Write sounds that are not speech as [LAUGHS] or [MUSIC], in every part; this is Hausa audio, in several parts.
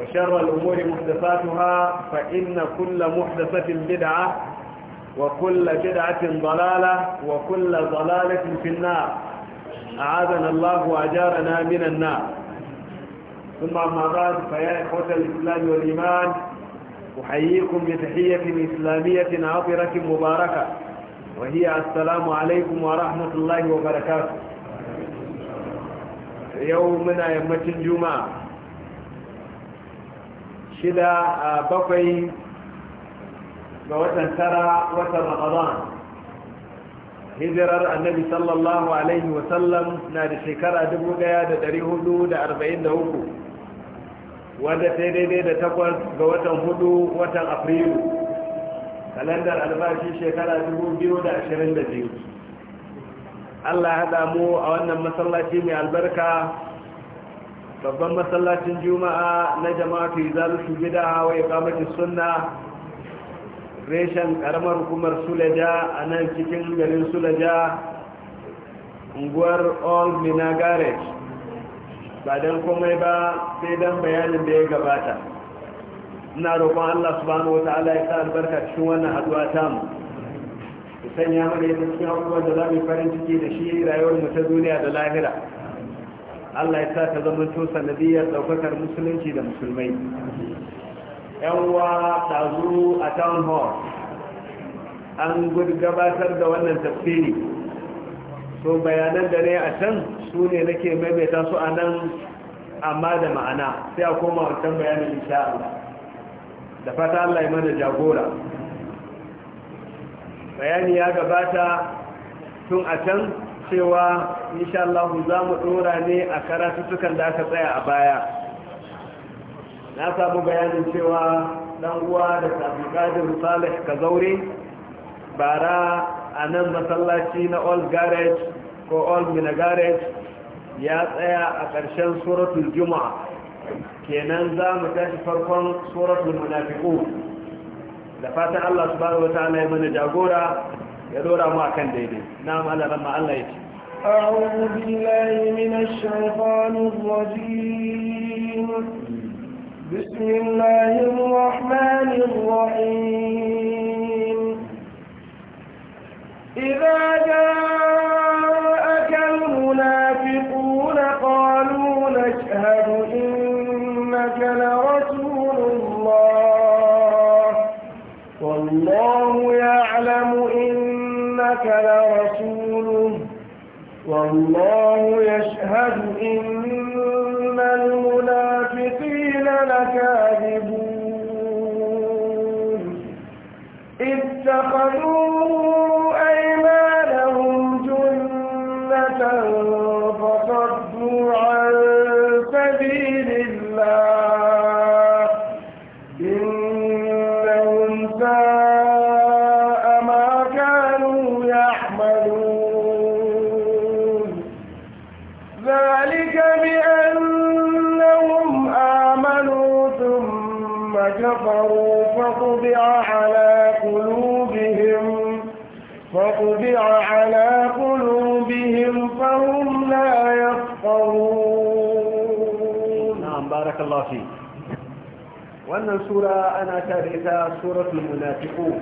وشر الأمور محدثاتها فإن كل محدثة بدعة وكل بدعة ضلالة وكل ضلالة في النار أعاذنا الله وأجارنا من النار ثم أما بعد فيا إخوة الإسلام والإيمان أحييكم بتحية إسلامية عطرة مباركة وهي السلام عليكم ورحمة الله وبركاته يومنا يمة الجمعة shida a bakwai ga watan tara watan ramadan hijirar annabi sallallahu alaihi wasallam na da shekara 1443 wadda ta daidai da takwas ga watan hudu watan afrilu kalandar albashi shekara 2022 allah haɗa mu a wannan masallaci mai albarka babban masallacin juma'a na jama'a fi hawa ya wa iqamati suna reshen karamar hukumar sulaja a nan cikin garin sulaja unguwar old mina garage ba don komai ba sai don bayanin da ya gabata ina roƙon allah subhanahu wa ta'ala ya sa albarka cikin wannan haduwa tamu sanya mana yadda cikin abubuwan da za mu farin ciki da shi rayuwar mu ta duniya da lahira Allah ya sa ta zama to sanadiya daukakar musulunci da musulmai yan uwa zuru a town hall an gabatar da wannan tafsiri so bayanan da ne a can su ne nake maimaita su a nan amma da ma'ana sai a koma wancan bayanin insha da fata Allah ya mana jagora bayani ya gabata tun a can cewa insha Allah za mu dora ne a karatuttukan da aka tsaya a baya na samu bayanin cewa dan uwa da sabu kadir salih kazaure bara a nan masallaci na old garage ko old mina garage ya tsaya a ƙarshen suratul juma'a kenan za mu tashi farkon suratul munafiqun da fatan Allah subhanahu ta'ala ya mana jagora ya dora mu akan daidai na malaran ma Allah ya أعوذ بالله من الشيطان الرجيم بسم الله الرحمن الرحيم إذا جاءك المنافقون قالوا نشهد إنك لرسول الله والله وذاك لرسوله والله يشهد إن المنافقين لكاذبون اتخذوا كفروا فطبع على قلوبهم فطبع على قلوبهم فهم لا يفقهون نعم بارك الله فيك وأن سورة أنا تاريخها سورة المنافقون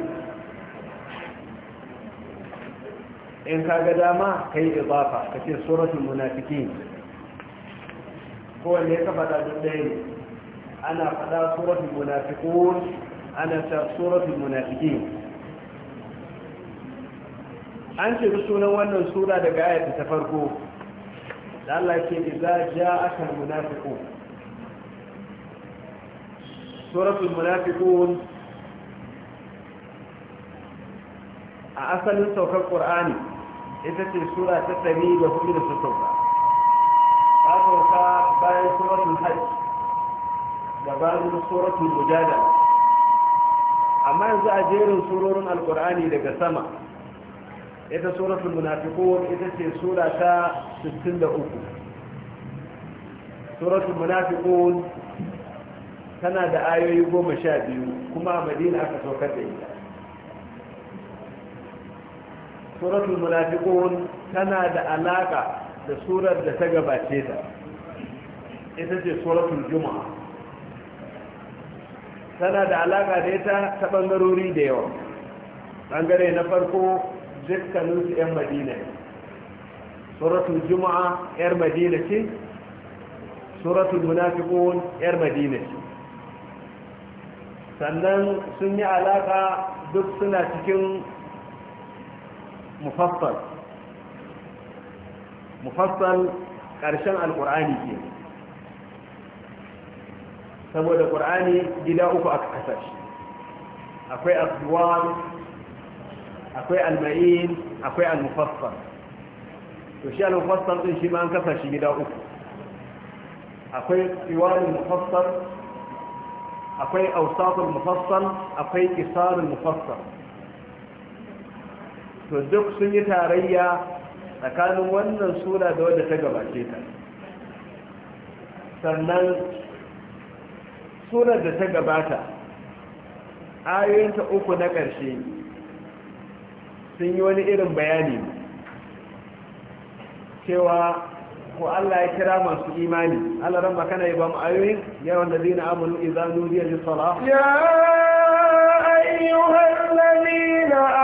إن ka ga إضافة كثير سورة المنافقين هو ce suratul munafikin ko ana faɗa suratul munafiqun ana ta suratul munafiqin an ce sunan wannan sura daga ayat ta farko da Allah ke idza ja'aka almunafiqun suratul munafiqun a asalin saukar qur'ani ita ce sura ta 104 da sauka ta sauka bayan suratul hajj gabanin suratul mujadala amma yanzu a jerin surorin alkur'ani daga sama ita suratul munafiqun ita ce sura ta 63 suratul munafiqun tana da ayoyi 12 kuma a madina aka saukar da ita suratul munafiqun tana da alaka da surar da ta gabace ta ita ce suratul juma'a tana da alaƙa da ita ta ɓangarori da yawa bangare na farko dukkaninsu 'yan madina suratul juma'a 'yar madina ce suratul munafiqun 'yar madina ce sannan sun yi alaƙa duk suna cikin mufassal mufassal ƙarshen alƙur'ani ke saboda ƙur'ani gida uku aka kasa shi akwai asduwan akwai almain akwai almufassar to shi almufassar din shi ma an kasa shi gida uku akwai tsiwanin mufassar akwai ausafin mufassar akwai kisarin mufassar to duk sun yi tarayya tsakanin wannan sura da wadda ta gabace ta sannan surar da ta gabata ayoyinta uku na ƙarshe sun yi wani irin bayani cewa ko Allah ya kira masu imani Allah ran makana ya ba mu ayoyin ya wanda zina amanu izanu nudiya lis ya ayyuhar lalina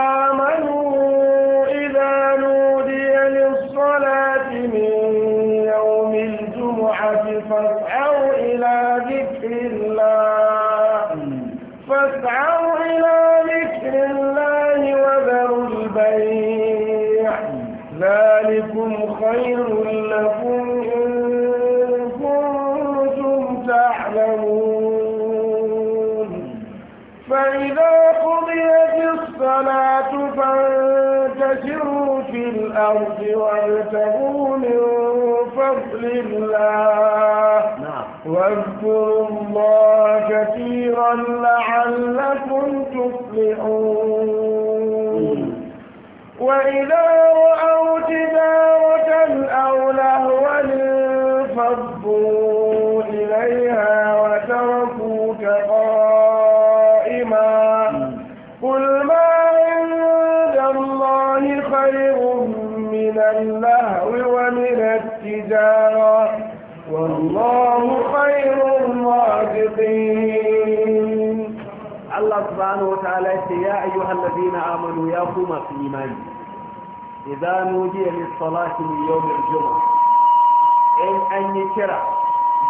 ذلكم خير لكم إن كنتم تعلمون فإذا قضيت الصلاة فانتشروا في الأرض وابتغوا من فضل الله نعم. واذكروا الله كثيرا لعلكم تفلحون وإذا رأوا تجارة أو لهوا انفضوا إليها وتركوك قائما قل ما عند الله خير من اللهو ومن التجارة والله خير الرازقين الله سبحانه وتعالى يا أيها الذين آمنوا يا قوم إيمانكم idza nudiya lis salati min yawm in an yi kira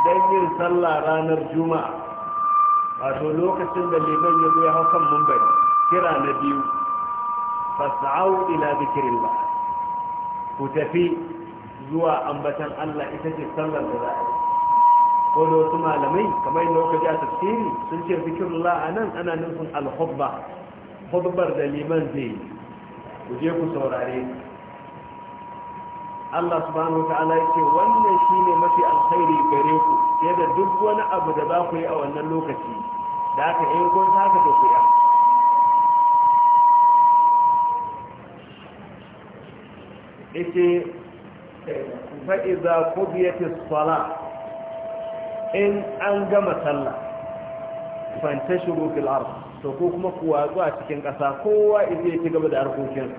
dan yin sallah ranar juma'a wato lokacin da liman ya zo ya hau kira na biyu fas'au ila ba ku tafi zuwa ambatan Allah ita ce sallar da za a yi ko da malamai kamar yadda kuka ji a tafsiri sun ce zikirullah a nan ana nufin alhubba hubbar da liman zai yi ku je ku saurare Allah subhanahu ta'ala yake wannan shine mafi alkhairi gare ku yadda duk wani abu da za ku yi a wannan lokaci da aka in kun da ku ya yake fa'iza kubiyatis sala in an gama sallah fanta shigo fil'ar to ko kuma kuwa a cikin kasa kowa idan ya ci gaba da sa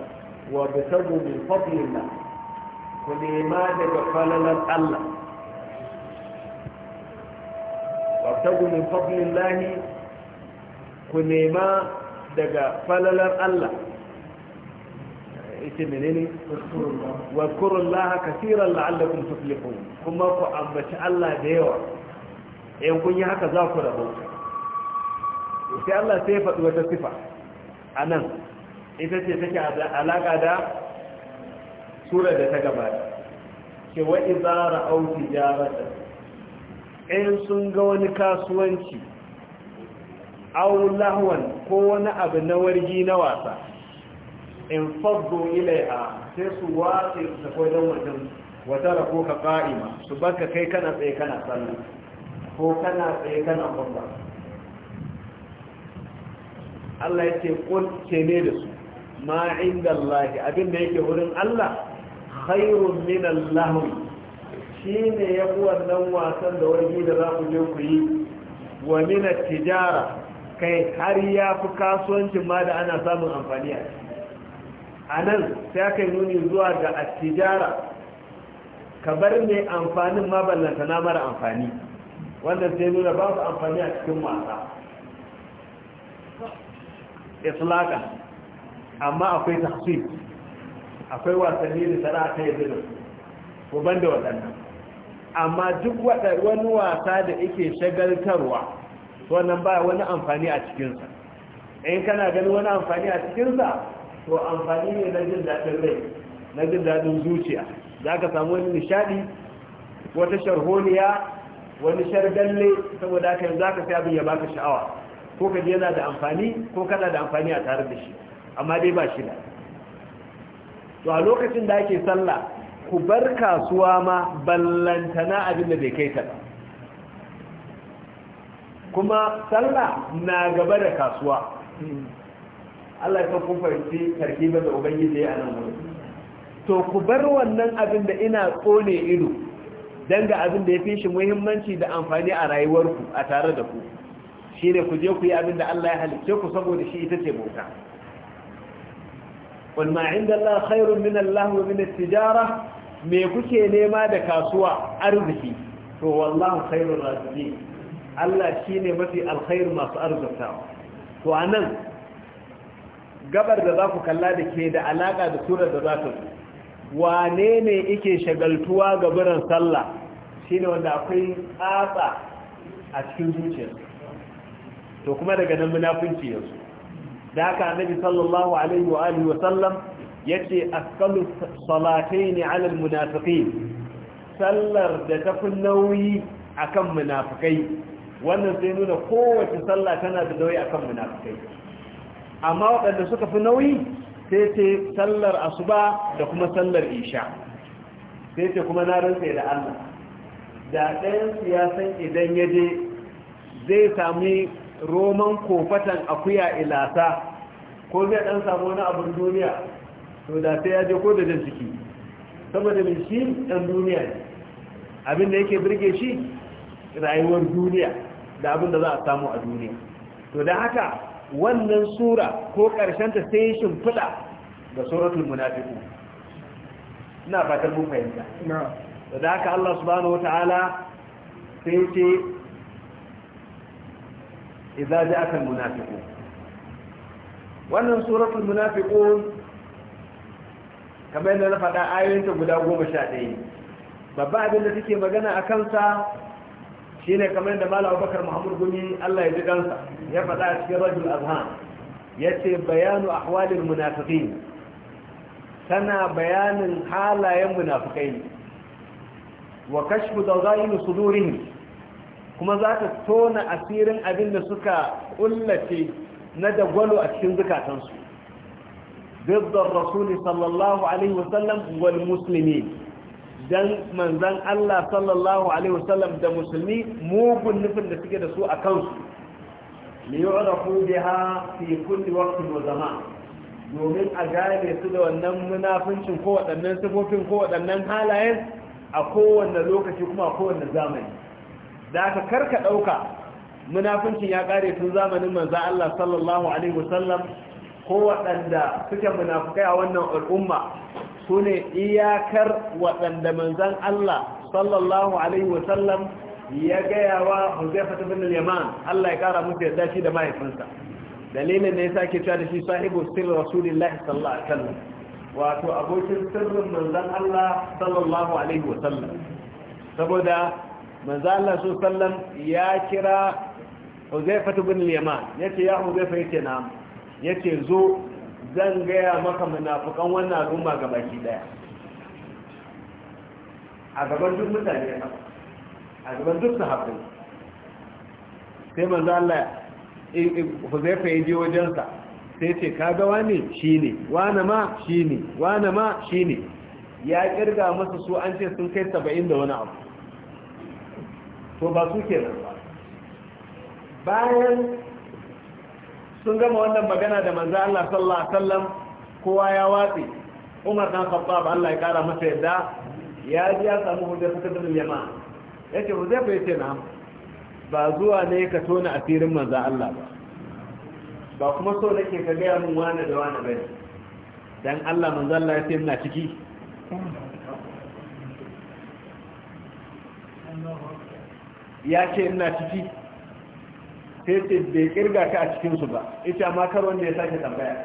wa bisabu min fadlillah ku nema daga falalar Allah wabtagu min fadlin lahi ku nema daga falalar Allah ita menene wa kurun laha kasiran la'allakum tuflihun kuma ku ambaci Allah da yawa in kun yi haka za ku rabu? sai Allah sai ya faɗi wata sifa anan ita ce take alaƙa da sura da ta gabata ke wa izara au tijarata in sun ga wani kasuwanci au lahwan ko wani abu na wargi na wasa in faddu ilaiha sai su wace su tafi wajen wajen wata rako ka ƙa'ima su baka kai kana tsaye kana tsalle ko kana tsaye kana babba Allah ya ce kun ce ne da su ma inda Allah abin da yake wurin Allah khairun min al ne shine yafi wannan wasan da wani da za ku je ku yi wa min tijara kai har ya fi kasuwanci ma da ana samun amfani a a nan sai aka yi nuni zuwa ga tijara ka bar mai amfanin ma ballanta na mara amfani Wannan sai nuna ba su amfani a cikin wasa islaka amma akwai tahsib akwai wasanni da sana'a ta yanzu da ko ban da waɗannan amma duk wani wasa da yake shagaltarwa wannan ba wani amfani a cikinsa in kana ganin wani amfani a cikinsa to amfani ne na jin daɗin rai na jin daɗin zuciya za ka samu wani nishaɗi wata sharholiya wani shargalle saboda haka yi, za ka fi abin ya baka sha'awa ko ka yana da amfani ko kana da amfani a tare da shi amma dai ba shi da to a lokacin da ake sallah ku bar kasuwa ma ballantana abin da bai kai ta ba kuma sallah na gaba da kasuwa Allah ya kun fahimci tarkibar da ubangiji ya nan wurin to ku bar wannan abin da ina tsone ido dan ga abin da ya fi shi muhimmanci da amfani a rayuwarku a tare da ku shine ku je ku yi abin da Allah ya halicce ku saboda shi ita ce bauta wal ma inda Allah khairun min Allah wa min at-tijara me kuke nema da kasuwa arziki to wallahu khairur raziqin Allah shine mafi alkhair masu arzikawa to anan gabar da za ku kalla da ke da alaka da surar da za ta zo wane ne yake shagaltuwa ga biran sallah shine wanda akwai tsatsa a cikin zuciyarsa to kuma daga nan munafunci yanzu da haka annabi sallallahu alaihi wa alihi wa sallam yace askalu salataini ala almunafiqin sallar da tafi nauyi akan munafikai wannan sai nuna kowace sallah tana da nauyi akan munafikai amma waɗanda suka fi nauyi sai ce sallar asuba da kuma sallar isha sai ce kuma na rantsa da Allah da ɗayan siyasan idan ya je zai sami roman kofatan akuya ilasa ko zai dan samu wani abin duniya to da sai ya je ko da jan ciki saboda mai shi dan duniya abin da yake birge shi rayuwar duniya da abin da za a samu a duniya to da haka wannan sura ko ƙarshen ta sai shimfiɗa da suratul munafiqun ina fatan mun fahimta da haka Allah subhanahu wataala sai ce idza ja'aka almunafiqun wannan suratul munafiqun kamar yadda na faɗa ayoyinta guda goma sha ɗaya babba abin da take magana a kansa shine kamar yadda malam abubakar muhammad gumi allah ya ji kansa ya faɗa a cikin rajul azhan ya ce bayanu ahwalin munafiqin tana bayanin halayen munafiqai wa kashfu dawzain sudurihim kuma za ta tona asirin abin da suka kullace na dagwalo a cikin zukatansu diddar rasuli sallallahu alaihi wasallam wal musulmi don manzan Allah sallallahu alaihi wasallam da musulmi mugun nufin da suke da su a kansu li yu'rafu biha fi kulli waqtin wa zama? domin a gane su da wannan munafincin ko waɗannan sifofin ko waɗannan halayen a kowanne lokaci kuma a kowanne zamani da aka karka ɗauka munafincin ya ƙare tun zamanin manza Allah sallallahu alaihi wasallam ko waɗanda suke munafukai a wannan al'umma su ne iyakar waɗanda manzan Allah sallallahu alaihi wasallam ya gaya wa Huzaifa bin al-Yaman Allah ya kara musu yadda shi da mahaifinsa dalilin ne sa ke cewa da shi sahibu sirri rasulullah sallallahu alaihi wasallam wato abokin sirrin manzan Allah sallallahu alaihi wasallam saboda manzo Allah su sallam ya kira Huzaifa ibn al-Yaman yace ya Huzaifa yace na yace zo zan gaya maka munafikan wannan al'umma gabaki daya a gaban duk mutane a gaban duk sahabbai sai manzo Allah Huzaifa ya je wajensa sai ce kaga wani shine wani ma shine wani ma shine ya kirga masa su an ce sun kai 70 da wani abu to ba su ke ba bayan sun gama wannan magana da manzo Allah sallallahu alaihi wasallam kowa ya watsi Umar dan Khattab Allah ya kara masa yadda ya ji ya samu hujja ta da yamma yake hujja bai ce na ba zuwa ne ka tona asirin manzo Allah ba ba kuma so nake ka ga mun wani da wani bane dan Allah manzo Allah ya ce ina ciki ya ce ina ciki sai ce bai kirga ka a cikinsu ba ita ma kar wanda ya sake tambaya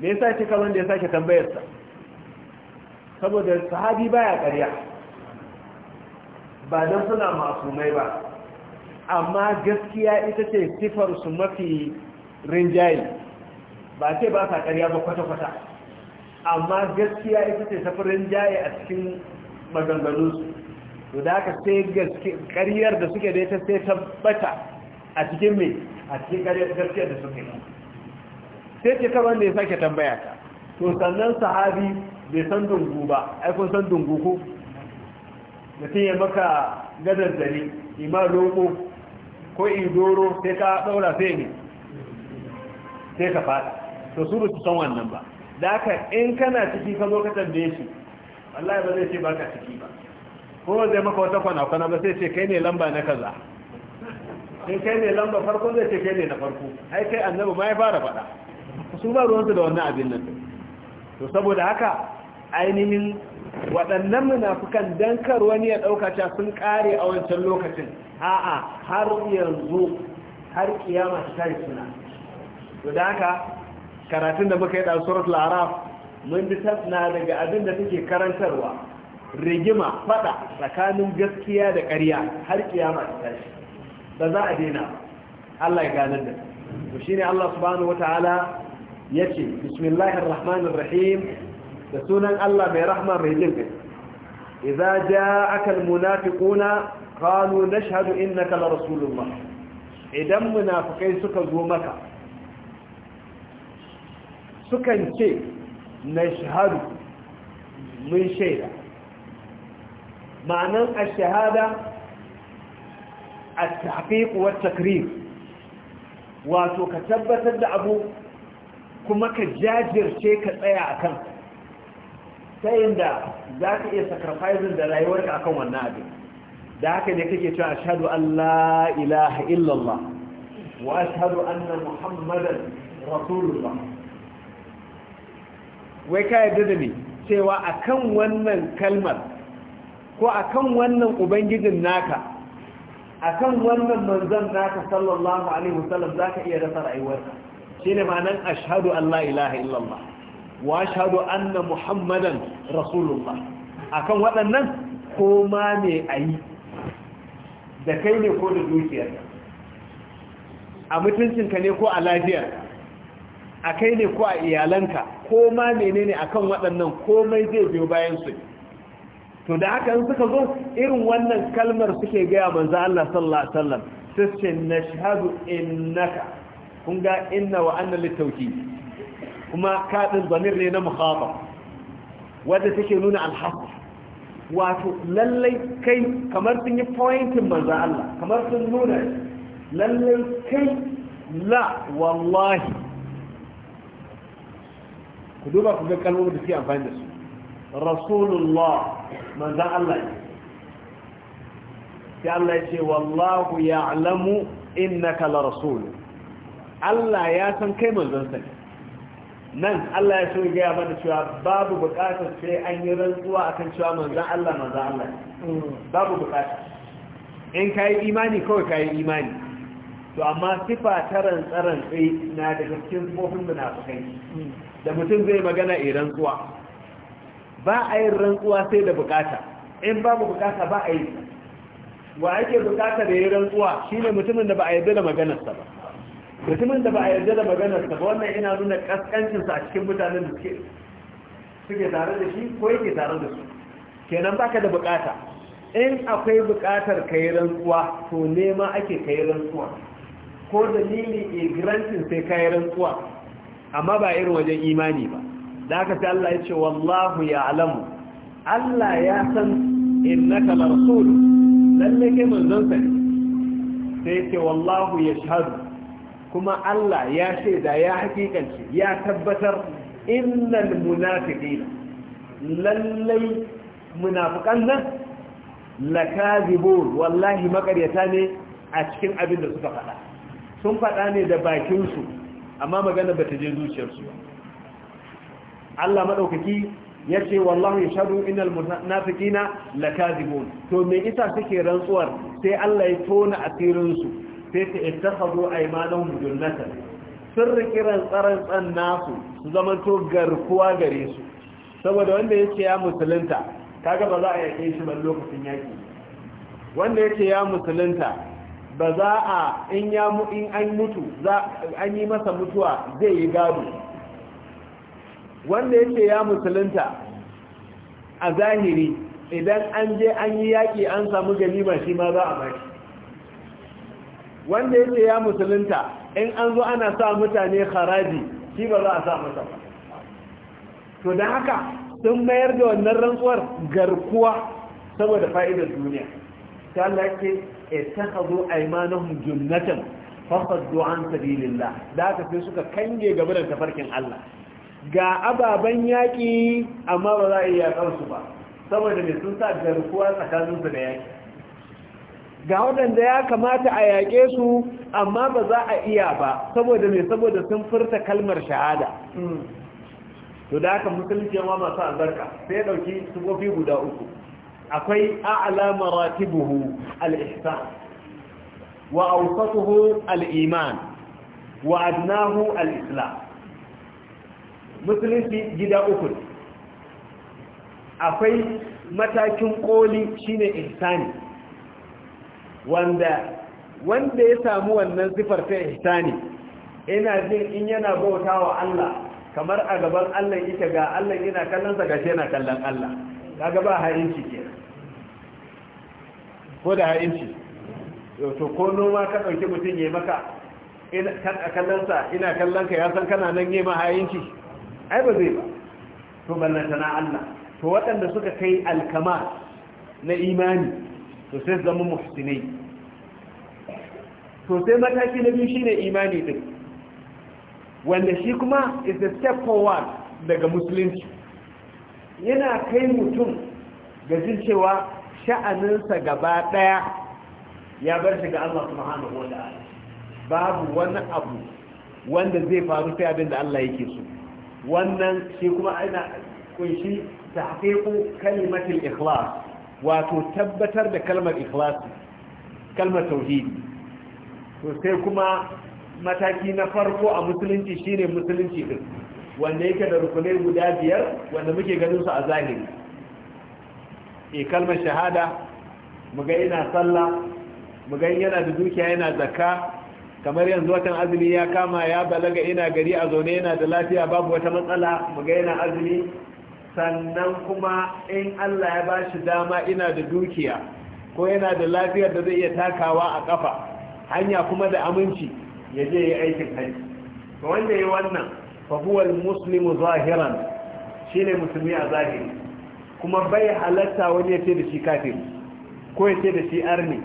Me ya sake kar wanda ya sake tambayarsa saboda sahabi baya karya, ba don suna masu mai ba amma gaskiya ita ce sifarsu mafi rinjaye ba ce ba sa karya ba kwata-kwata amma gaskiya ita ce safarin jaye a cikin maganganunsu to da aka sai ƙaryar da suke da ita sai tabbata a cikin mai a cikin gaskiyar da suke sai ce kawai wanda ya sake tambaya ka to sannan sahabi bai san dungu ba ai kun san dungu ko mutum ya maka gadar zare ima roƙo ko idoro sai ka ɗaura sai ne sai ka faɗa to su ba su san wannan ba da aka in kana ciki ka zo ka tambaye shi wallahi ba zai ce baka ciki ba ko zai maka wata kwana-kwana ba sai ce kai ne lamba na kaza in kai ne lamba farko zai ce kai ne na farko ai kai annabi ma ya fara faɗa su ba ruwansu da wannan abin nan to saboda haka ainihin waɗannan munafukan dankar wani ya dauka cewa sun kare a wancan lokacin a'a har yanzu har kiyama ta yi suna to da haka karatun da muka yi ɗan suratul araf mun bi tafna daga abin da take karantarwa rigima fada tsakanin gaskiya da ƙarya har kiyama ta tashi ba za a daina Allah ya ganar da shine Allah subhanahu wataala yace bismillahir rahmanir rahim da sunan Allah mai rahma mai jin kai idza ja'aka al munafiquna qalu nashhadu innaka la rasulullah idan munafikai suka zo maka sukan ce nashhadu mun shaida ma'anan ashahada shahada a wa at wato ka tabbatar da abu kuma ka jajirce ka tsaya akan ta inda za ka iya sacrificing da rayuwarka akan wannan abin da haka ne kake cewa ashhadu an la ilaha illallah wa ashhadu anna muhammadan rasulullah wai ka yarda da ni cewa akan wannan kalmar ko akan wannan ubangijin naka akan wannan manzan naka sallallahu alaihi wasallam ka iya rasa rayuwarka shine ma'anan a an Allah ilaha illallah wa ashhadu anna muhammadan rasulullah akan waɗannan ko ma me yi? da kai ne ko da dukiyarka a mutuncinka ne ko a lafiyarka a kai ne ko a iyalanka ko ma menene akan waɗannan komai zai biyo bayan su ne to da haka in suka zo irin wannan kalmar suke gaya manzo Allah sallallahu alaihi wasallam sai ce nashhadu innaka kun ga inna wa anna litawkid kuma kadin zamir ne na mukhatab wanda take nuna alhaq wato lallai kai kamar sun yi pointin manzo Allah kamar sun nuna lallai kai la wallahi ku duba ku ga kalmomin da suke amfani da su rasulullah manzan Allah ne sai Allah ce wallahu ya'lamu innaka la rasul Allah ya san kai manzansa ne nan Allah ya so ya gaya mana cewa babu bukatar sai an yi rantsuwa a kan cewa manzan Allah manzan Allah babu bukatar in kayi imani kawai ka yi imani to amma sifa ta rantsarantsi na daga cikin tsofin munafukai da mutum zai magana irin rantsuwa ba a yin rantsuwa sai da bukata in babu bukata ba a yi wa ake bukata da yi rantsuwa shine mutumin da ba a yarda da maganarsa ba mutumin da ba a yarda da maganarsa ba wannan ina nuna sa a cikin mutanen da suke suke tare da shi ko yake tare da su kenan baka da bukata in akwai bukatar ka yi rantsuwa to nema ake ka yi rantsuwa ko dalili a grantin sai ka yi rantsuwa amma ba irin wajen imani ba da aka Allah ya ce wallahu ya alamu Allah ya san innaka la rasul lalle kai manzon sa ne sai ce wallahu ya shahadu'. kuma Allah ya ce da ya hakikanci ya tabbatar innal munafiqina lalle munafiqan nan lakazibun wallahi makaryata ne a cikin abin da suka faɗa sun faɗa ne da bakinsu amma magana ba ta je zuciyarsu ba Allah madaukaki yace wallahi yashhadu innal munafiqina lakazibun to me isa suke rantsuwar sai Allah ya tona asirin su sai ta ittakhadu aymanahum junnatan sun riki tsaran tsan nasu su zamanto garkuwa gare su saboda wanda yake ya musulunta kaga ba za a yake shi ban lokacin yaki wanda yake ya musulunta ba za a in ya mu in an mutu za an yi masa mutuwa zai yi gado wanda yake ya musulunta a zahiri idan an je an yi yaƙi an samu ganima shi ma za a baki wanda yake ya musulunta in an zo ana sa mutane haraji shi ba za a sa mata ba to da haka sun mayar da wannan rantsuwar garkuwa saboda fa'idar duniya ta Allah ce ittakhadhu aymanahum junnatan fasaddu du'an sabilillah da haka sai suka kange gaba tafarkin Allah ga ababen yaƙi amma ba za a iya yaƙarsu ba saboda mai sun sa garkuwa tsakaninsu da yaƙi ga waɗanda ya kamata a yaƙe su amma ba za a iya ba saboda mai saboda sun furta kalmar shahada to da haka musulunci yawa masu albarka sai ɗauki sufofi guda uku akwai a'ala maratibuhu al-ihsan wa awsatuhu al wa adnahu musulunci gida uku akwai matakin koli shine ihsani wanda wanda ya samu wannan sifar ta ihsani ina jin in yana bautawa Allah kamar a gaban Allah ita ga Allah yana kallon sa gashi yana kallon Allah kaga ba ha'inci kenan ko da ha'inci to ko noma ka dauki mutun yayi maka ina kallon sa ina kallon ka ya san kana nan yayi ma ha'inci ai ba zai ba to ballanta na Allah to waɗanda suka kai alkama na imani to sai zama muhsinai to sai mataki na biyu shine imani din wanda shi kuma is a step forward daga musulunci yana kai mutum ga jin cewa sha'aninsa gaba ɗaya ya bar shi ga Allah subhanahu wa ta'ala babu wani abu wanda zai faru sai abinda da Allah yake so wannan shi kuma ana kunshi ta tahqiqu kalimatul ikhlas wato tabbatar da kalmar ikhlas kalmar tauhidi to sai kuma mataki na farko a musulunci shine musulunci din wanda yake da rukunai guda biyar wanda muke ganin su a zahiri e kalmar shahada mu ga ina sallah mu ga yana da dukiya yana zakka kamar yanzu watan azumi ya kama ya balaga ina gari a zaune yana da lafiya babu wata matsala mu ga yana azumi sannan kuma in Allah ya bashi dama ina da dukiya ko yana da lafiyar da zai iya takawa a kafa hanya kuma da aminci ya je yi aikin kai to wanda yi wannan fa huwa muslimu zahiran shine musulmi a zahiri kuma bai halatta wani ya ce da shi kafiri ko ya ce da shi arni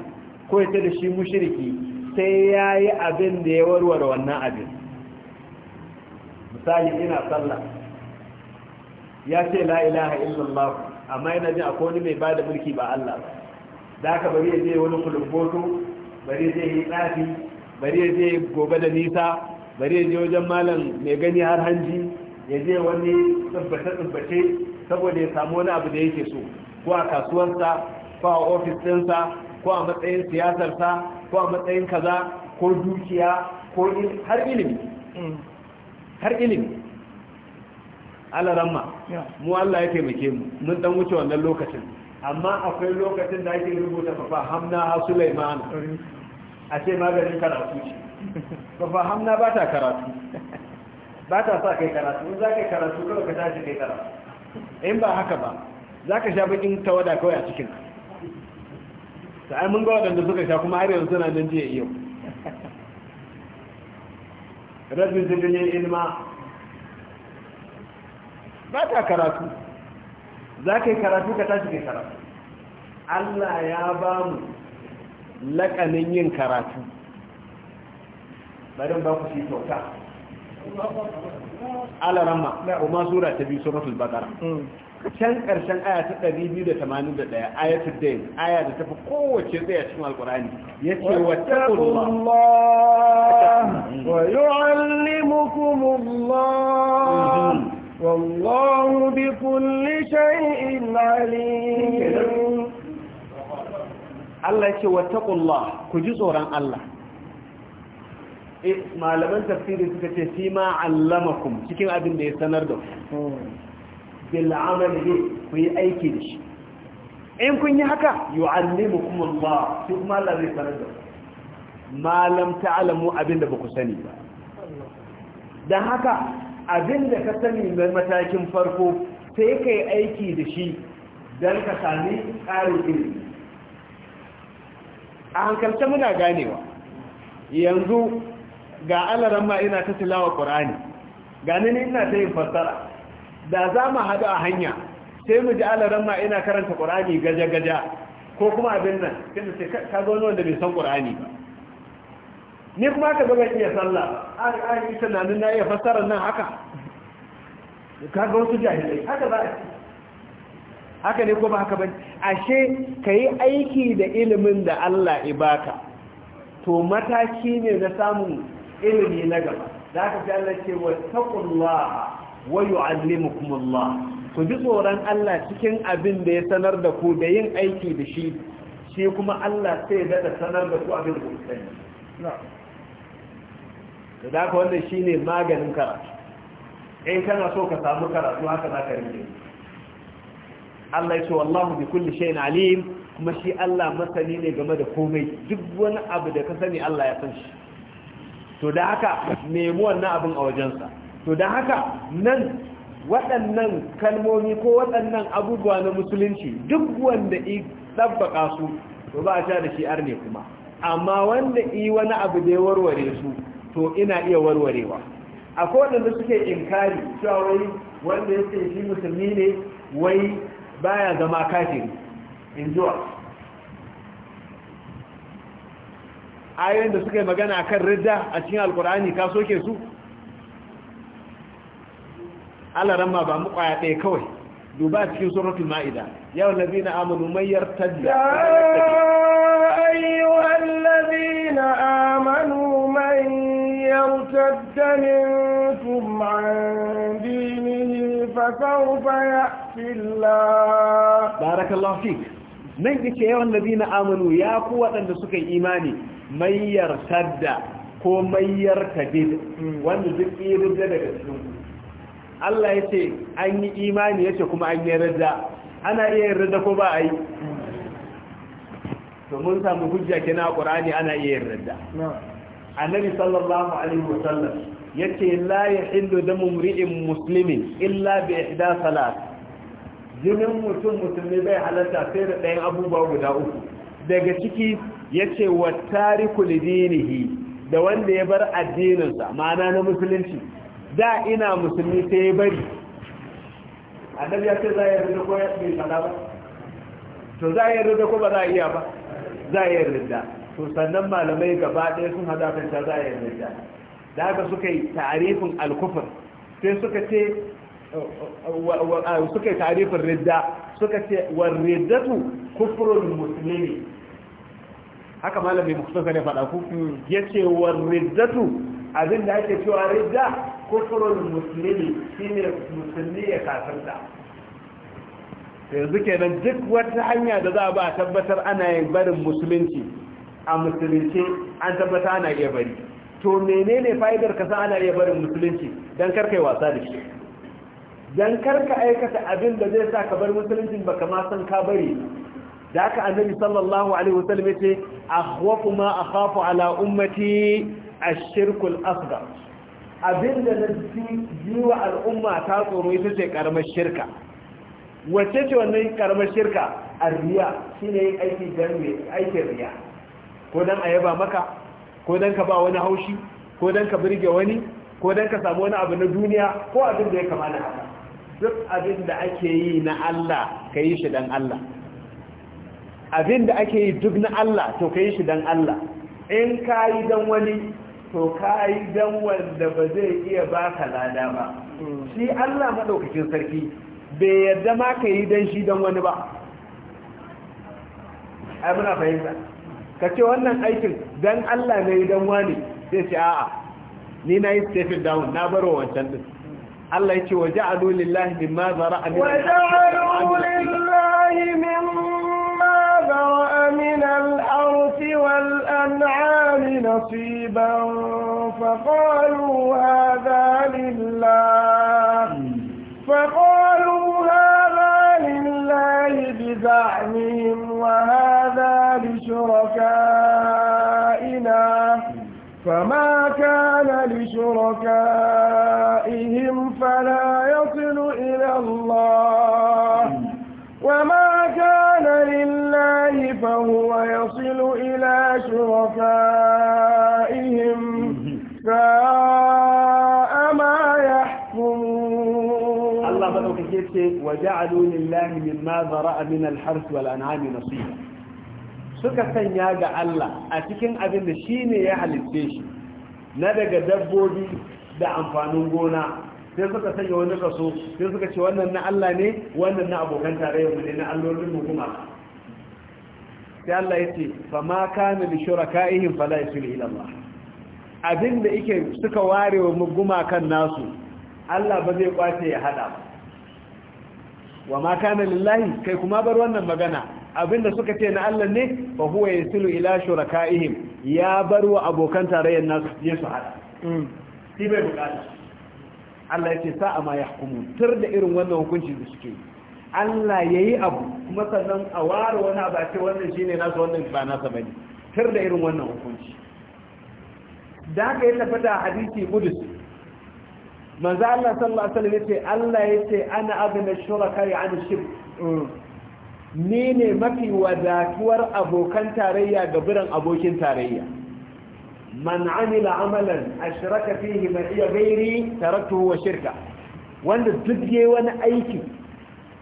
ko ya ce da shi mushriki sai ya yi abin da ya warware wannan abin misali ina sallah ya ce la ilaha illallah amma yana jin a ni mai ba da mulki ba Allah da aka bari ya je wani kulubboto bari ya je yi tsafi bari ya je gobe da nisa bari ya je wajen malam mai gani har hanji ya je wani tsibbace-tsibbace saboda ya samu wani abu da yake so ko a kasuwarsa ko a ofis ɗinsa ko a matsayin siyasarsa ko a matsayin kaza ko dukiya ko har ilimi mm. har ilimi ramma, mu Allah ya taimake mu mun dan wuce wannan lokacin amma akwai lokacin da ake rubuta fafa hamna ha sulaimana a ce maganin karatu ce [LAUGHS] fafa hamna ba ta karatu ba ta sa kai karatu in za ka karatu kawai ka tashi kai karatu in ba haka ba za ka sha bakin tawada kawai a cikin ka. ta ai mun ga waɗanda suka sha kuma har yanzu suna nan jiya yau su jirgin ilma ba ta karatu za ka yi karatu ka tashi ke karatu allah ya ba mu lakanin yin karatu bari ba ku shi kyauta alarama kuma sura ta biyu suratul bakara hmm. can ƙarshen aya ta 281 ayatul dayn aya da tafi kowace tsaya cikin alqur'ani yace wattaqullah wa yu'allimukumullah wallahu bikulli shay'in alim Allah yace wattaqullah ku ji tsoron Allah eh, malaman tafsiri suka ce fi ma allamakum cikin abin da ya sanar da ku bil amal bi ku yi aiki da shi in kun yi haka yu'allimukum Allah shi kuma Allah zai sanar da ma lam ta'lamu abinda ba ku sani ba dan haka abinda ka sani mai matakin farko sai kai aiki da shi dan ka sami ƙarin ilimi a hankalta muna ganewa yanzu ga alaran ma ina ta tilawa ƙur'ani gani ina ta yin fassara da za mu haɗu a hanya sai mu ji alaran ma ina karanta ƙur'ani gaja-gaja ko kuma abin nan sai mu ce ka zo wanda bai san ƙur'ani ba ni kuma ka zo ban iya sallah an an ita tunanin na iya fassarar nan haka ka ga wasu jahilai haka za a haka ne kuma haka bane ashe ka yi aiki da ilimin da Allah baka, to mataki ne na samun ilimi na gaba da ka fi Allah ce wa taqullaha wa yu'allimukum Allah ku ji tsoron Allah cikin abin da ya sanar da ku da yin aiki da shi shi kuma Allah sai da sanar da ku abin da ku sani da daga wannan shine maganin karatu in kana so ka samu karatu haka za ka rike Allah ya ce wallahu bi kulli shay'in alim kuma shi Allah masani ne game da komai duk wani abu da ka sani Allah ya san shi to da haka nemi wannan abin a wajensa to da haka nan waɗannan kalmomi ko waɗannan abubuwa na musulunci duk wanda i ɗabbaƙa su to ba a sha da shi ne kuma amma wanda i wani abu da ya warware su to ina iya warwarewa akwai waɗanda suke inkari cewa wai wanda ya ce shi musulmi ne wai baya zama kafiri in zuwa ayoyin da suka yi magana kan ridda a cikin alkur'ani ka soke su ala ma ba mu ɗaya kawai duba cikin suratul ma'ida ya allazina amanu man yartadda ya ayyuhallazina amanu yartadda minkum an dinihi fasawfa ya'ti Allah barakallahu fik nan ya amanu ya ku waɗanda suka yi imani man yartadda ko man yartadid wanda duk daga cikin Allah ya ce an yi imani ya ce kuma an yi rada ana iya yin rada ko ba a yi to mun samu hujja ke na ƙorani ana iya yin rada annabi sallallahu alaihi wasallam ya ce la ya da mumri'in musulmin illa bi ihda salat jinin mutum musulmi bai halatta sai da ɗayan abubuwa guda uku daga ciki ya ce wa tariku lidinihi da wanda ya bar addininsa ma'ana na musulunci da ina musulmi sai ya bari annabi ya ce za yi yarda ko ya fada ba to za yi yarda ko ba za a iya ba za a yarda to sannan malamai gaba ɗaya sun hada ta za a yarda da haka suka yi tarifin alkufar sai suka ce suka yi tarifin ridda suka ce war riddatu kufurin musulmi haka malami sun ya faɗa ku hmm. yace war Abin abinda ake cewa ridda kufurin musulmi shine musulmi ya kafirta yanzu kenan duk wata hanya da za a ba a tabbatar ana yin barin musulunci a musulunci an tabbata ana iya bari to menene fa'idar ka ana iya barin musulunci don karka yi wasa da shi don karka aikata abin da zai sa ka bar musuluncin ba kama san ka bari da aka annabi sallallahu alaihi wasallam a akhwafu ma akhafu ala ummati ash-shirku al-asghar Abin da na ci yi wa al'umma ta tsoro ita ce karamar shirka wacce ce wannan karamar shirka a shine shi ne yin aiki don aikin riya ko don a yaba maka ko don ka ba wani haushi ko don ka birge wani ko don ka samu wani abu na duniya ko abin da ya kama haka duk abin da ake yi na Allah ka yi shi don Allah abin da ake yi duk na Allah to ka yi shi don Allah in ka yi don wani to ka yi dan wanda ba zai iya baka lada ba hmm. shi Allah madaukakin sarki bai yarda ma ka yi dan shi dan wani ba ai muna fahimta ka ce wannan aikin dan Allah ne dan wani sai ce a'a ni na yi stepping down na baro wancan din Allah ya ce wa ja'alu lillahi mimma zara'a wa ja'alu lillahi mimma والأنعام نصيبا فقالوا هذا لله فقالوا هذا لله بزعمهم وهذا لشركائنا فما كان لشركائهم فلا يصل إلى الله وما فهو يصل إلى شركائهم ساء ما يحكمون الله بلوك كيف وجعلوا لله مما ذرأ من الحرث والأنعام نصيبا suka sanya ga Allah a cikin abin da shi ne ya halitte shi na daga dabbobi da amfanin gona sai suka sanya wani kaso sai suka ce wannan na Allah ne wannan na abokan tarayyar mu ne na allolin mu sai Allah ya ce fa ma kana li shurakaihim fala yasil ila Allah abinda yake suka ware wa kan nasu Allah ba zai kwace ya hada ba wa ma kana lillahi kai kuma bar wannan magana abinda suka ce na Allah ne fa huwa yasilu ila shurakaihim ya bar wa abokan tarayyan nasu ya su hada mm. sai bai bukata Allah ya ce sa'a ma yahkumu tur da irin wannan hukunci da suke yi Allah ya yi abu kuma sannan a ware wani abu a ce wannan shi ne nasa wannan ba nasa ba ne tar da irin wannan hukunci da haka ya tabbata a hadisi kudus maza Allah sallallahu alaihi wasallam yace Allah yace ana abna shuraka ya an shirk mm. ni ne mafi wadatuwar abokan tarayya ga biran abokin tarayya man amila amalan ashraka fihi ma'iya ghairi taraktuhu wa shirka wanda duk yayi wani aiki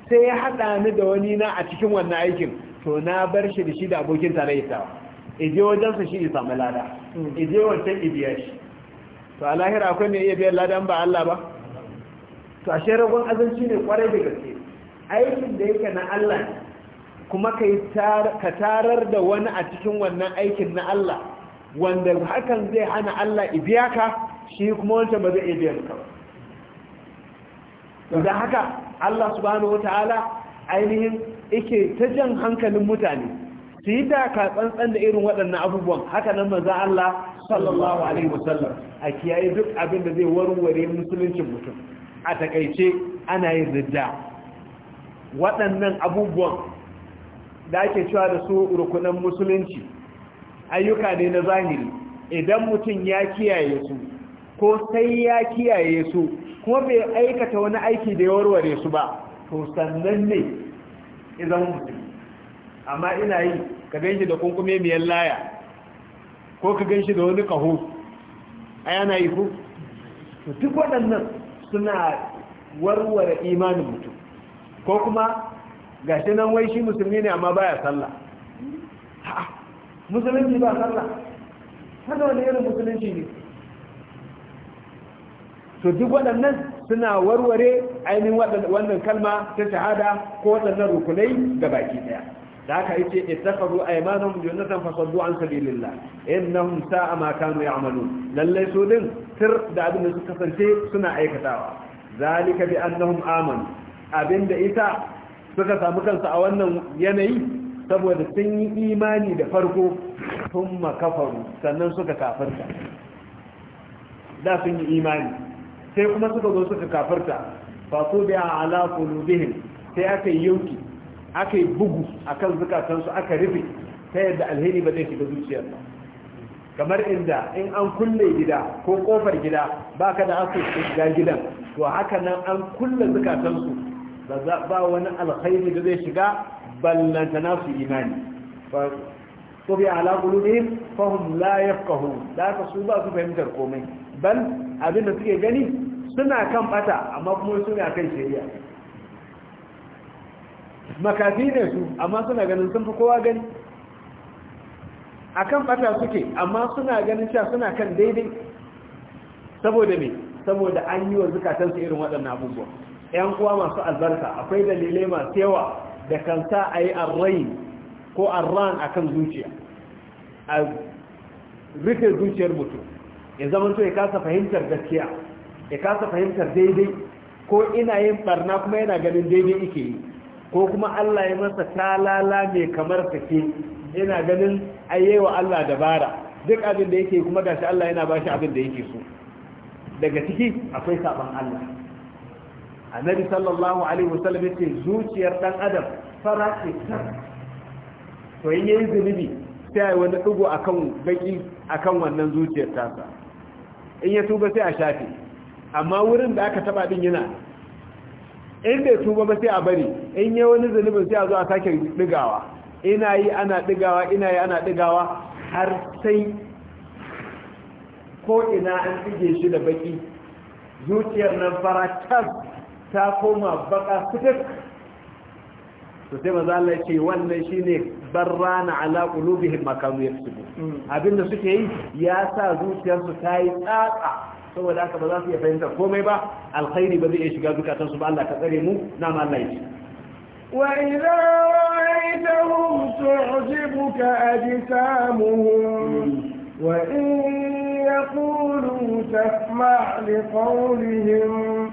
sai ya haɗa ni da wani na a cikin wannan aikin to na bar shi da shi da abokin tarayya ta ije wajensa shi isa lada. ije wancan ibiya shi to a lahira akwai mai iya biyan ladan ba Allah ba to ashe ragon azanci ne kwarai da gaske aikin da yake na Allah kuma ka tarar da wani a cikin wannan aikin na Allah wanda hakan zai hana Allah ibiya ka shi kuma wancan ba zai iya biyan ka ba da haka Allah subhanahu wataala ainihin yake ta jan hankalin mutane su yi daka tsantsan da irin waɗannan abubuwan haka nan maza Allah sallallahu alaihi wasallam a kiyaye duk abin da zai warware musuluncin mutum a takaice ana yin zidda waɗannan abubuwan da ake cewa da su rukunan musulunci ayyuka ne na zahiri idan mutum ya kiyaye su ko sai ya kiyaye su kuma bai aikata wani aiki da ya warware su ba to sannan ne idan musulmi amma ina yi ka gan shi da kunkume miyan laya ko ka gan shi da wani kaho a yana yi ku to duk waɗannan suna warware imanin mutum ko kuma ga shi nan wai shi musulmi ne amma baya sallah musulunci ba sallah hada wani irin musulunci ne to duk waɗannan suna warware ainihin wannan kalma ta shahada ko waɗannan rukunai da baki ɗaya da aka yi ce ittakhadhu aymanahum jannatan fasaddu an sabilillah innahum sa'a ma kanu ya'malun Lallai su din sir da abin da suka kasance suna aikatawa zalika bi annahum amanu abinda ita suka samu kansa a wannan yanayi saboda sun yi imani da farko sun makafaru sannan suka kafarta da sun yi imani sai kuma suka zo suka kafarta fa su da ala qulubihim sai aka yauki aka bugu akan zukatan su aka rufe ta yadda alheri ba zai shiga zuciyar ba kamar inda in an kulle gida ko kofar gida baka da asu shiga gidan to haka nan an kulle zukatan su ba wani alkhairi da zai shiga ballantana su imani fa to bi ala qulubihim fahum la yafqahun da ka su ba su fahimtar komai bal abin da suke gani suna kan bata amma kuma suna kan shari'a makafi ne su amma suna ganin sun fi kowa gani akan bata suke amma suna ganin cewa suna kan daidai saboda me saboda an yi wa zukatansu irin waɗannan abubuwa ‘yan kuwa masu albarka akwai dalilai masu yawa da kan sa a yi arrain ko arran akan zuciya a rufe zuciyar mutum ya zama to ya kasa fahimtar gaskiya ya kasa fahimtar daidai ko ina yin barna kuma yana ganin daidai yake yi ko kuma Allah ya masa talala mai kamar take yana ganin ayyewa Allah dabara duk abin da yake kuma gashi Allah yana bashi abin da yake so daga ciki akwai saban Allah annabi sallallahu alaihi wasallam yace zuciyar dan adam fara ce to yin yayi zunubi sai wani dugo akan baki akan wannan zuciyar tasa in ya tuba sai a shafi amma wurin da aka taba din yana in bai tuba ba sai a bari in yi wani zunubin sai a zo a sake digawa ina yi ana digawa ina yi ana digawa har sai ko ina an dige shi da baki zuciyar nan fara ta koma baka fitar to sai maza Allah ya ce wannan shine barrana ala qulubihim ma kanu yaktubu mm. abinda suke yi ya sa zuciyarsu ta yi tsatsa saboda haka ba za su iya fahimta komai ba alkhairi ba zai iya shiga zukatansu ba Allah ka tsare mu na ma Allah ya ce وإذا رأيتهم تعجبك أجسامهم وإن يقولوا تسمع لقولهم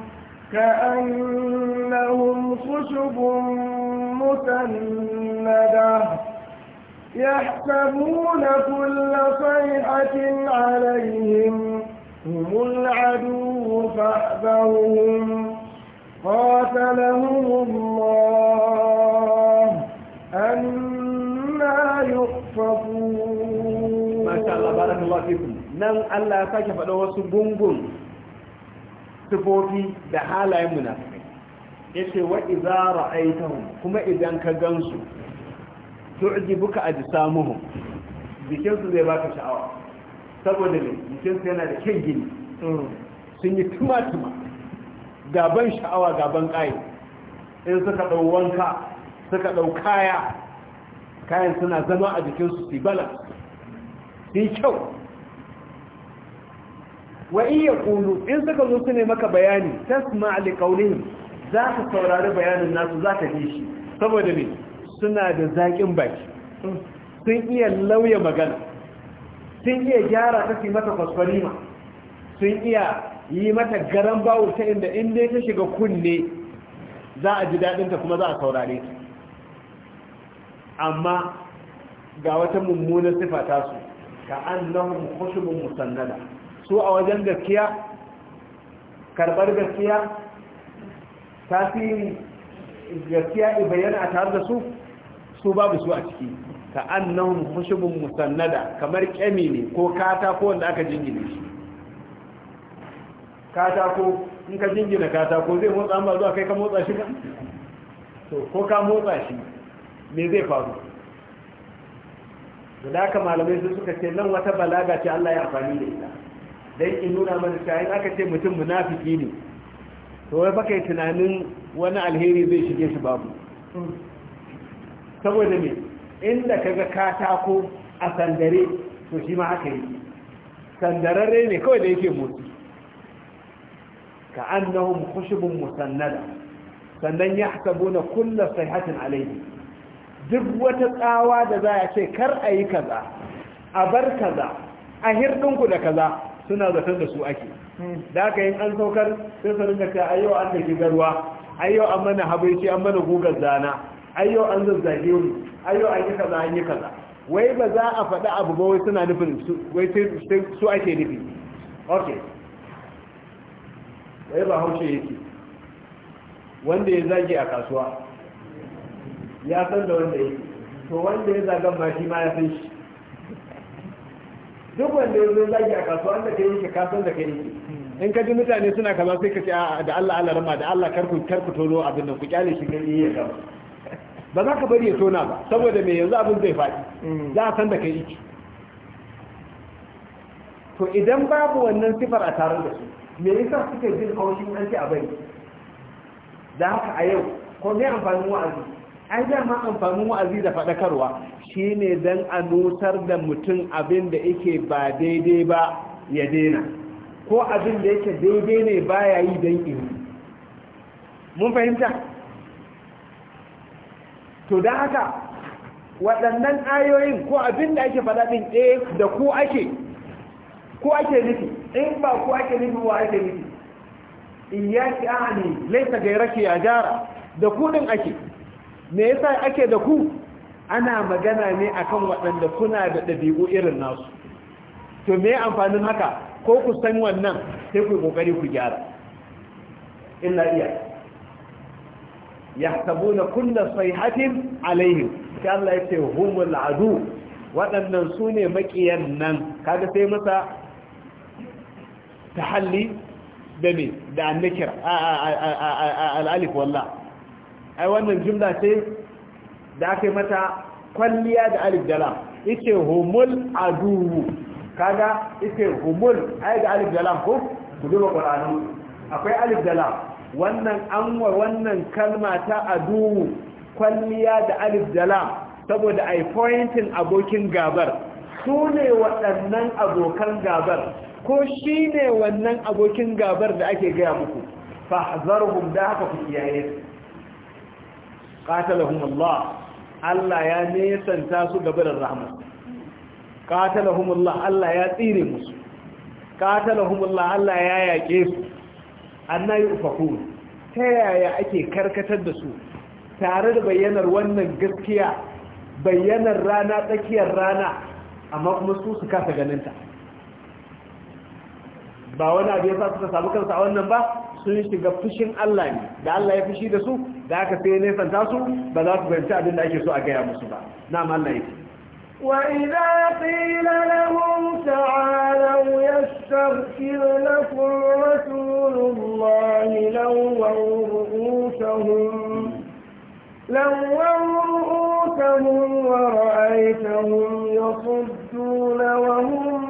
كأنهم خشب مسندة يحسبون كل صيحة عليهم هم العدو فاحذرهم قاتلهم الله أنا يؤفكون ما شاء الله بارك الله فيكم نعم الله كشف فلو سبونبون sifofi da halayen munafikai yace wa idza ra'aytahum kuma idan ka gansu aji samuhu jikin su zai baka sha'awa saboda ne jikin su yana da kyan gini sun yi tumatuma gaban sha'awa gaban kai in suka dau wanka suka dau kaya kayan suna zama a jikin su su balance kyau wa in yaqulu in suka zo su ne maka bayani tasma' li qawlihim za ka saurari bayanin nasu za ka ji shi saboda ne suna da zaƙin baki sun iya lauya magana sun iya gyara ta fi mata kwaskwarima sun iya yi mata garan bawo ta inda inda ta shiga kunne za a ji ta kuma za a saurare ta amma ga wata mummunan sifata su, ka annahum khushubun musannada su a wajen gaskiya karɓar gaskiya tasiri gaskiya bayyana a tare da su su babu su a ciki ka annahum khushubun musannada kamar kyami ne ko katako wanda aka jingine shi katako in ka jingina katako zai motsa ba zuwa kai ka motsa shi ba to ko ka motsa shi me zai faru da aka malamai su suka ce nan wata balaga ce Allah ya amfani da ita dan in nuna mana cewa in aka ce mutum munafiki ne to wai baka tunanin wani alheri zai shige shi babu saboda me inda kaga katako a sandare to shi ma haka yi sandararre ne kawai da yake motsi ka annahum khushubun musannada sannan ya na kulla sayhatin alayhi duk wata tsawa da za a ce kar a yi kaza a bar kaza a hirɗinku da kaza suna zaton da su ake da aka yin an saukar sai su da ka ayyau an da garwa ayyau an mana habaici an mana gugar zana ayyau an zazzage mu ayyau an yi kaza an yi kaza wai ba za a faɗi abu ba wai suna nufin wai su ake nufi ok wai ba haushe yake wanda ya zage a kasuwa ya san da wanda yake to wanda ya zagan ma shi ma ya san shi duk wanda ya zo zagi a kasuwa an da kai yake kasan da kai yake in ka ji mutane suna kaza sai ka ce a da Allah Allah rama da Allah karku karku tono abin nan ku kyale shi kan iya gaba ba za ka bari ya tona ba saboda me yanzu abin zai faɗi mm. za a san da kai yake to idan babu wannan sifar a taron da su me yasa suke jin kaushin an ce a bai da haka a yau ko me amfanin wa'azi ai dama amfanin wa'azi da faɗakarwa shine dan a nutar da mutum abin da yake ba daidai ba ya daina ko abin da yake daidai ne ba ya yi dan in mun fahimta to da haka waɗannan ayoyin ko abin da ake faɗa ɗin ɗaya eh, da ko ake ku ake nufi in ba ko ake nufi wa ake nufi iyaki ahani laisa gairaki ya jara da kudin ake me yasa ake da ku ana magana ne akan waɗanda kuna da ɗabi'u irin nasu to me amfanin haka ko ku san wannan sai ku kokari ku gyara illa iya yahtabuna kulla sayhatin alaihim sai Allah ya ce humul adu waɗannan su ne maƙiyan nan kaga sai masa tahalli da me da annakir ai wannan jumla ce da aka yi mata kwalliya da alif dalam ike humul aduwu kaga ike humul ai da alif ko ku duba qur'ani akwai alif dalam wannan anwa wannan kalma ta aduwu kwalliya da alif saboda ai pointing abokin gabar su ne waɗannan abokan gabar ko shi ne wannan abokin gabar da ake gaya muku fa zarhum da haka ku kiyaye su qatalahum Allah Allah ya nesanta su gabarin rahmat qatalahum Allah Allah ya tsire musu qatalahum Allah Allah ya yake su annayi ufaku ta yaya ake karkatar da su tare da bayyanar wannan gaskiya bayyanar rana tsakiyar rana amma kuma su su kasa ganinta ba wani abu ya sa suka samu kansu a wannan ba sun shiga fushin Allah ne da Allah ya fushi da su da aka sai ne santa su ba za su fahimci abin da ake so a gaya musu ba na'am Allah yake wa قيل qila lahum يستغفر yastaghfir lakum rasulullahi law رؤوسهم لووا رؤوسهم ورأيتهم يصدون وهم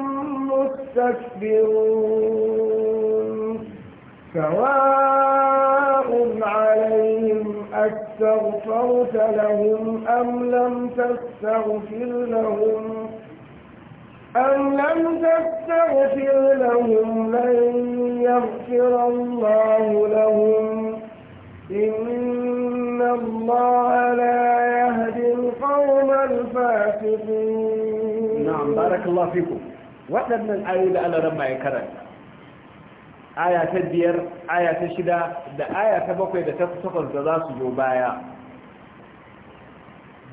يستكبرون سواء عليهم أستغفرت لهم أم لم تستغفر لهم أم لم تستغفر لهم لن يغفر الله لهم إن الله لا يهدي القوم الفاسقين نعم بارك الله فيكم waɗannan ayoyi da Allah ranma ya karanta aya ta biyar aya ta shida da aya ta bakwai da ta takwas da za su zo baya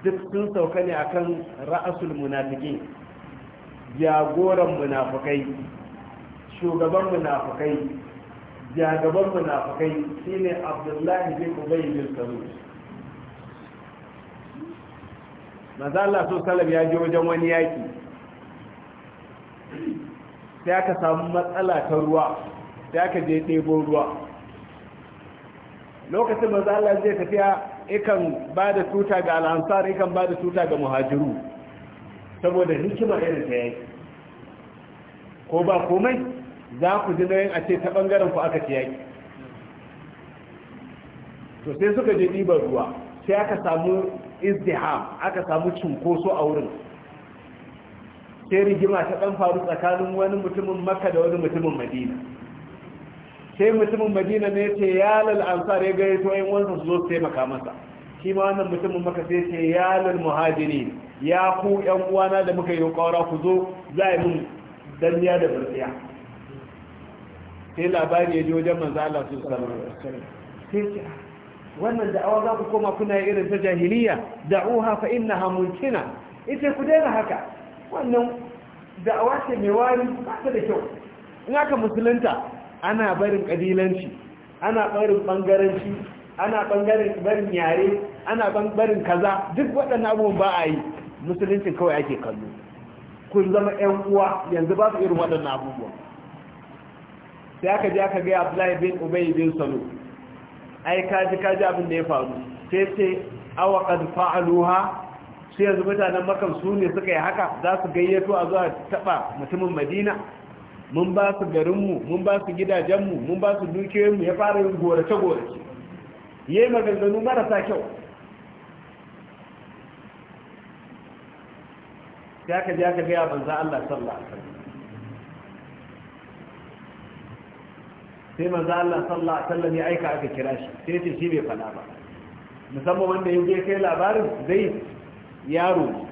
duk sun sauka ne akan ra'asul munafiki jagoran munafukai shugaban munafukai jagaban munafukai shine abdullahi bin ubay bin salul manzo Allah so salam ya je wajen wani yaki sai aka samu matsala ta ruwa sai aka je ɗebo ruwa lokacin maza Allah zai tafiya ikan ba da tuta ga al'ansar ikan ba da tuta ga muhajiru saboda hikima irin ta yaki ko ba komai za ku ji nauyin a ce ta ɓangaren ku aka ci to sai suka je ɗiban ruwa sai aka samu izdiham aka samu cunkoso a wurin sai rigima ta ɗan faru tsakanin wani mutumin makka da wani mutumin madina sai mutumin madina ne ce ya lal ansar ya gari to yin wansa su zo su taimaka masa shi ma wannan mutumin maka sai ce ya lal muhajiri ya ku yan uwana da muka yi kawara ku zo za a yi danniya da burtsiya sai labari ya ji wajen manzo Allah su sallallahu alaihi sai ce wannan da'awa za ku koma kuna irin ta jahiliya da'uha fa innaha muntina ita ku daina haka wannan da'awa ce mai wari ba da kyau in aka musulunta ana barin kabilanci ana barin bangaranci ana bangaren barin yare ana barin kaza duk waɗannan abubuwan ba a yi musuluncin kawai ake kallo kun zama yan uwa yanzu ba su irin waɗannan abubuwan sai aka je aka gaya Abdullahi bin Ubay bin Salo ai kaji kaji abin da ya faru sai sai awa kad fa'aluha sai yanzu mutanen makam su ne suka yi haka za su gayyato a zuwa taba mutumin madina mun ba su garinmu mun ba su gidajenmu mun ba su dukiyoyinmu ya fara yin gorace-gorace ya yi maganganu marasa kyau ya ka ja ka gaya banza Allah sallallahu alaihi wasallam sai manzo Allah sallallahu alaihi wasallam ya aika aka kira shi sai ce shi bai fada ba musamman wanda ya je kai labarin zai yaro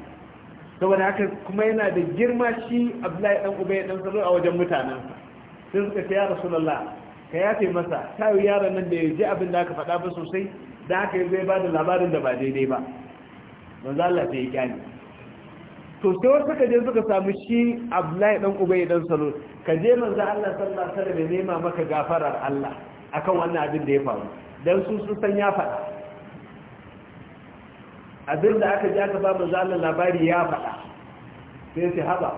saboda haka kuma yana da girma shi abdullahi dan ubay dan salo a wajen mutanansa sai suka ce ya rasulullah ka yafe masa tayo yaron nan da ya ji abin da aka faɗa ba sosai da haka ya zai ba da labarin da ba daidai ba manzo Allah sai ya kyani to sai wasu suka je suka samu shi abdullahi dan ubay dan salo ka je manzo Allah sallallahu alaihi wasallam ya nema maka gafarar Allah akan wannan abin da ya faru dan su sun san ya faɗa abin da aka ji aka ba mu Allah labari ya faɗa sai sai haɓa.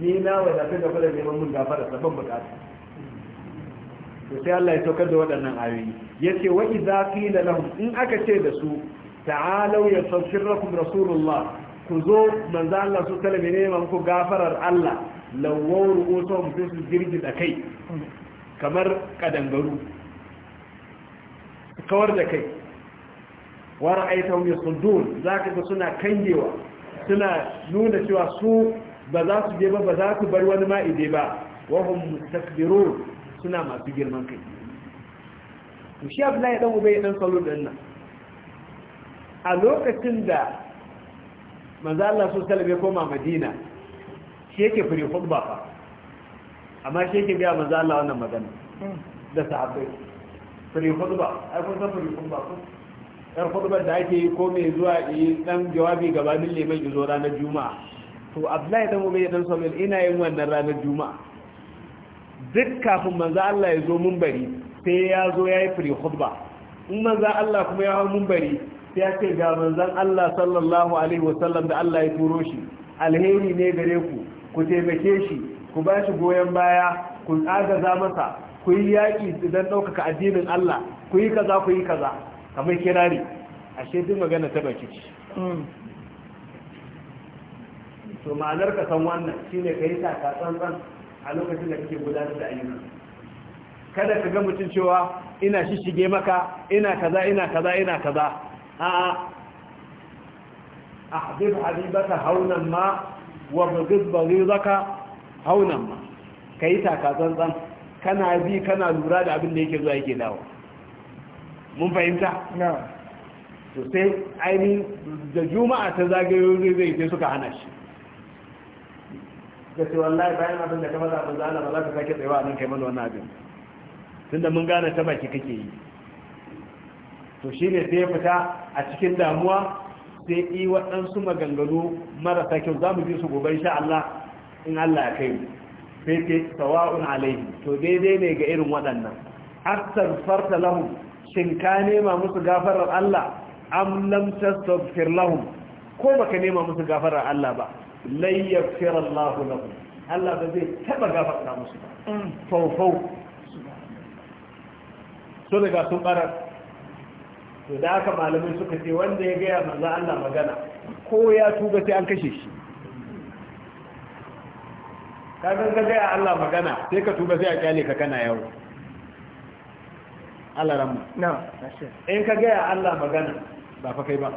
ni na sai da fara neman mun gafara saban bukata to sai Allah ya saukar da waɗannan ayoyi yace wa idza qila lahum in aka ce da su ta'alu ya lakum rasulullah ku zo manzo Allah su kala mene ne muku gafarar Allah lawwar utum fi su girgi da kai kamar kadangaru kawar da kai wa ra'aytahum yasuddun zaka ga suna kangewa suna nuna cewa su ba za su je ba ba za su bar wani ma'ide ba wa hum mustakbirun suna masu girman kai to shi Abdullahi dan Ubay dan Salul din nan a lokacin da manzo Allah su salabe koma Madina shi yake fure khutba fa amma shi yake ga manzo Allah wannan magana hmm. da sahabbai fure khutba ai kun san fure khutba ko yar hudubar da ake yi ko mai zuwa yi dan jawabi gabanin neman izo ranar juma'a to abdullahi dan ya dan samun ina yin wannan ranar juma'a duk kafin manzo Allah ya zo bari sai ya zo ya yi firi khutba in manzo Allah kuma ya mun bari sai ya ce ga manzon Allah sallallahu alaihi wasallam da Allah ya turo shi alheri ne gare ku ku taimake shi ku ba shi goyon baya ku masa ku yi yaƙi idan ɗaukaka addinin Allah ku yi kaza ku yi kaza kamar kirari ashe duk magana ta baki ce mm. to ma'anar ka san wannan shi ne ka yi taka tsantsan a lokacin da kake gudanar da ayyuka kada ka ga mutum cewa ina shishige maka ina kaza ina kaza ina kaza a'a ahdib habibaka haunan ma wa bugid bagizaka haunan ma kai taka tsantsan kana bi kana lura da abin da yake zuwa yake dawo mun fahimta to sai ainihin da juma'a ta zagayo zai zai suka hana shi da ce wallahi bayan abin da ka maza abin zana ba za ka sake tsayawa nan kai mana wannan abin tunda mun gane ta baki kake yi to shi ne sai ya fita a cikin damuwa sai yi waɗansu maganganu marasa kyau za mu ji su gobe insha Allah in Allah ya kai sai ce sawa'un alaihi to daidai ne ga irin waɗannan astar farta lahu shin ka nema musu gafarar Allah am lam tastaghfir lahum ko baka nema musu gafarar Allah ba lai yaghfir Allah lahum Allah ba zai taba gafarta musu ba Nufau-fau, so daga sun barar to da aka malamin suka ce wanda ya gaya manzo Allah magana ko ya tuba sai an kashe shi ka ga gaya Allah magana sai ka tuba sai a kyale ka kana yawo alaran mu in ka gaya Allah magana ba fa kai ba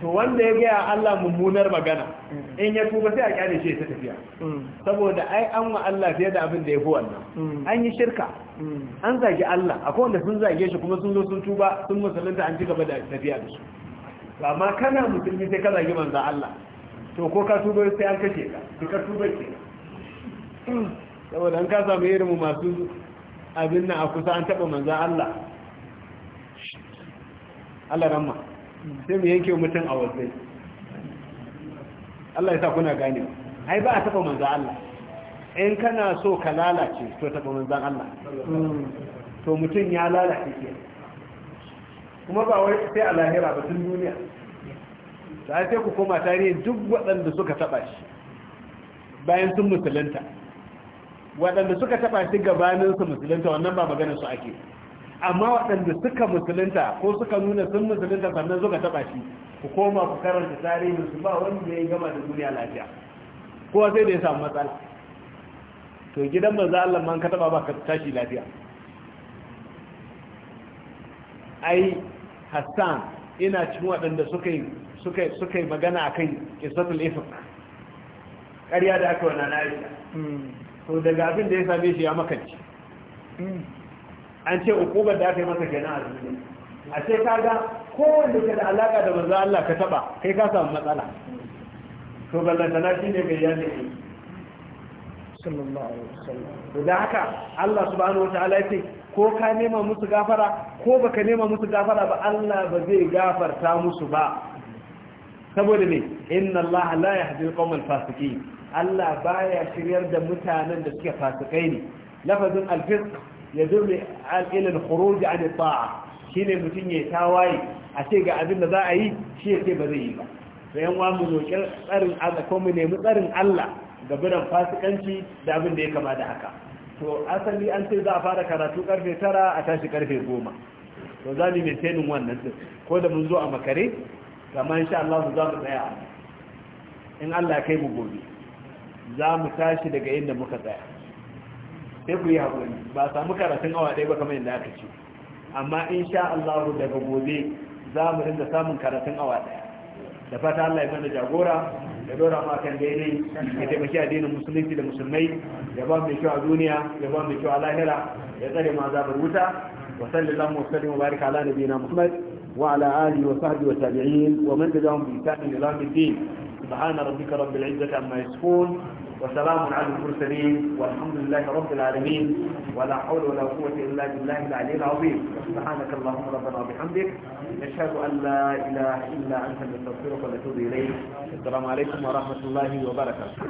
to wanda ya gaya Allah mummunar magana mm. in ya tuba sai a kyale shi ta tafiya mm. saboda ai an wa Allah fiye da abin da ya fi wannan mm. an yi shirka an zagi Allah akwai wanda sun zage shi kuma sun zo sun tuba sun musulunta an ci gaba da tafiya da su amma kana musulmi sai ka zagi manzo Allah to ko ka tuba sai an kashe ka ka tuba ke saboda an ka samu irin masu abin nan a kusa an taɓa manzan Allah Allah ramma sai mu yanke mutum a wasai Allah ya sa kuna gane ai ba a taɓa manzan Allah in kana so ka lalace to taɓa manzan Allah to mutum ya lalace ke kuma ba wai sai a lahira ba tun duniya sai ku koma tarihi duk waɗanda suka taɓa shi bayan sun musulunta waɗanda suka taɓa shi gabaninsu musulunta wannan ba magana su ake amma waɗanda suka musulunta ko suka nuna sun musulunta sannan suka taɓa shi ku koma ku karanta tarihin su ba wanda ya gama da duniya lafiya kowa sai da ya samu matsala to gidan manzo Allah man ka taɓa ba ka tashi lafiya ai Hassan ina cikin waɗanda suka yi suka suka yi magana akan kisatul ifk ƙarya da aka wannan na Aisha hmm. to daga abin da ya same shi ya makanci an ce ukubar da aka yi masa kenan a duniya a ce kaga kowanne ke da alaka da manzo Allah ka taba kai ka samu matsala to ballantana shi ne mai yana ne. sallallahu alaihi wasallam da haka Allah subhanahu wataala yake ko ka nema musu gafara ko baka nema musu gafara ba Allah ba zai gafarta musu ba saboda ne inna Allah la yahdi al al fasiqin Allah baya shiryar da mutanen da suke fasikai ne lafazin alfiq ya dole al'ilin khuruji an ta'a shine mutum ya tawaye a ce ga abin da za a yi shi ya ce ba zai yi ba to wa mu tsarin Allah ko mu nemi tsarin Allah ga biran fasikanci da abin da ya kama da haka to asali an ce za a fara karatu karfe 9 a tashi karfe 10 to za mu maintainin wannan din ko da mun zo a makare kamar insha Allah za mu tsaya in Allah ya kai mu gobe za mu tashi daga inda muka tsaya sai ku yi haƙuri ba samu karatun awa ɗaya ba kamar yadda aka ce amma in sha Allah daga gobe za mu rinda samun karatun awa ɗaya da fata Allah ya mana jagora ya dora ma kan ne ya taimaki addinin musulunci da musulmai ya ba mai kyau a duniya ya ba mai kyau a lahira ya tsare ma zabar wuta wa sallallahu wa sallam wa baraka ala nabiyina muhammad wa ala alihi wa sahbihi wa tabi'in wa man tabi'ahum bi ihsan ila yawm الدين سبحان ربك رب العزة عما يصفون وسلام على المرسلين والحمد لله رب العالمين ولا حول ولا قوة إلا بالله العلي العظيم سبحانك اللهم ربنا وبحمدك نشهد أن لا إله إلا أنت نستغفرك ونتوب إليك السلام عليكم ورحمة الله وبركاته